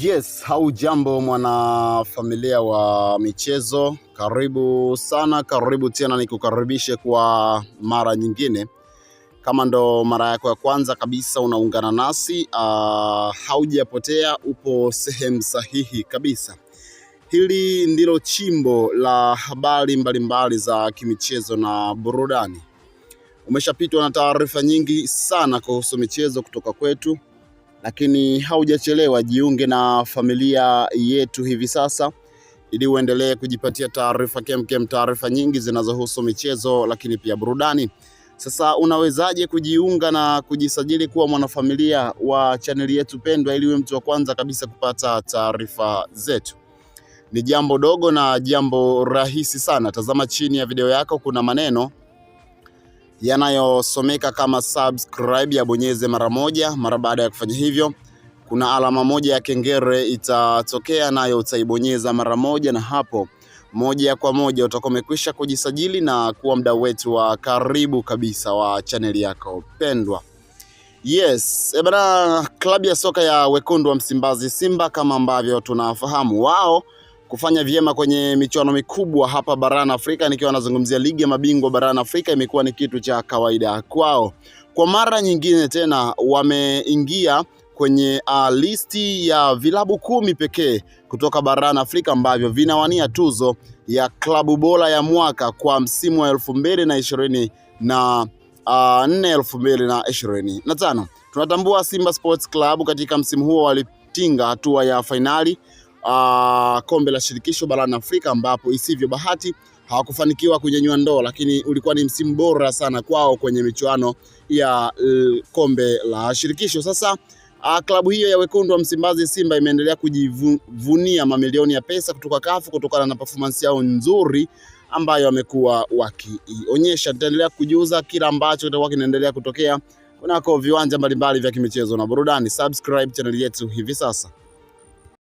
Yes, haujambo mwanafamilia wa michezo, karibu sana, karibu tena, nikukaribishe kwa mara nyingine. Kama ndo mara yako ya kwanza kabisa unaungana nasi uh, haujapotea, upo sehemu sahihi kabisa. Hili ndilo chimbo la habari mbalimbali za kimichezo na burudani. Umeshapitwa na taarifa nyingi sana kuhusu michezo kutoka kwetu lakini haujachelewa, jiunge na familia yetu hivi sasa ili uendelee kujipatia taarifa kemkem, taarifa nyingi zinazohusu michezo lakini pia burudani. Sasa unawezaje kujiunga na kujisajili kuwa mwanafamilia wa chaneli yetu pendwa ili uwe mtu wa kwanza kabisa kupata taarifa zetu? Ni jambo dogo na jambo rahisi sana. Tazama chini ya video yako, kuna maneno yanayosomeka kama subscribe, yabonyeze mara moja. Mara baada ya kufanya hivyo, kuna alama moja ya kengele itatokea, nayo utaibonyeza mara moja, na hapo moja kwa moja utakuwa umekwisha kujisajili na kuwa mdau wetu wa karibu kabisa wa chaneli yako pendwa. Yes, ebana, eh klabu ya soka ya wekundu wa Msimbazi Simba, kama ambavyo tunafahamu wao kufanya vyema kwenye michuano mikubwa hapa barani Afrika, nikiwa nazungumzia ligi ya mabingwa barani Afrika, imekuwa ni kitu cha kawaida kwao. Kwa mara nyingine tena wameingia kwenye uh, listi ya vilabu kumi pekee kutoka barani Afrika ambavyo vinawania tuzo ya klabu bora ya mwaka kwa msimu wa elfu mbili na ishirini na nne elfu mbili na ishirini na tano. Tunatambua Simba Sports Club katika msimu huo walitinga hatua ya fainali uh, kombe la shirikisho barani Afrika ambapo isivyo bahati hawakufanikiwa kunyanyua ndoo, lakini ulikuwa ni msimu bora sana kwao kwenye michuano ya eh, kombe la shirikisho. Sasa uh, klabu hiyo ya wekundu wa Msimbazi Simba imeendelea kujivunia mamilioni ya pesa kutoka kafu kutokana na performance yao nzuri ambayo wamekuwa wakionyesha Tutaendelea kujuza kila ambacho kitakuwa kinaendelea kutokea kunako viwanja mbalimbali vya kimichezo na burudani. Subscribe channel yetu hivi sasa.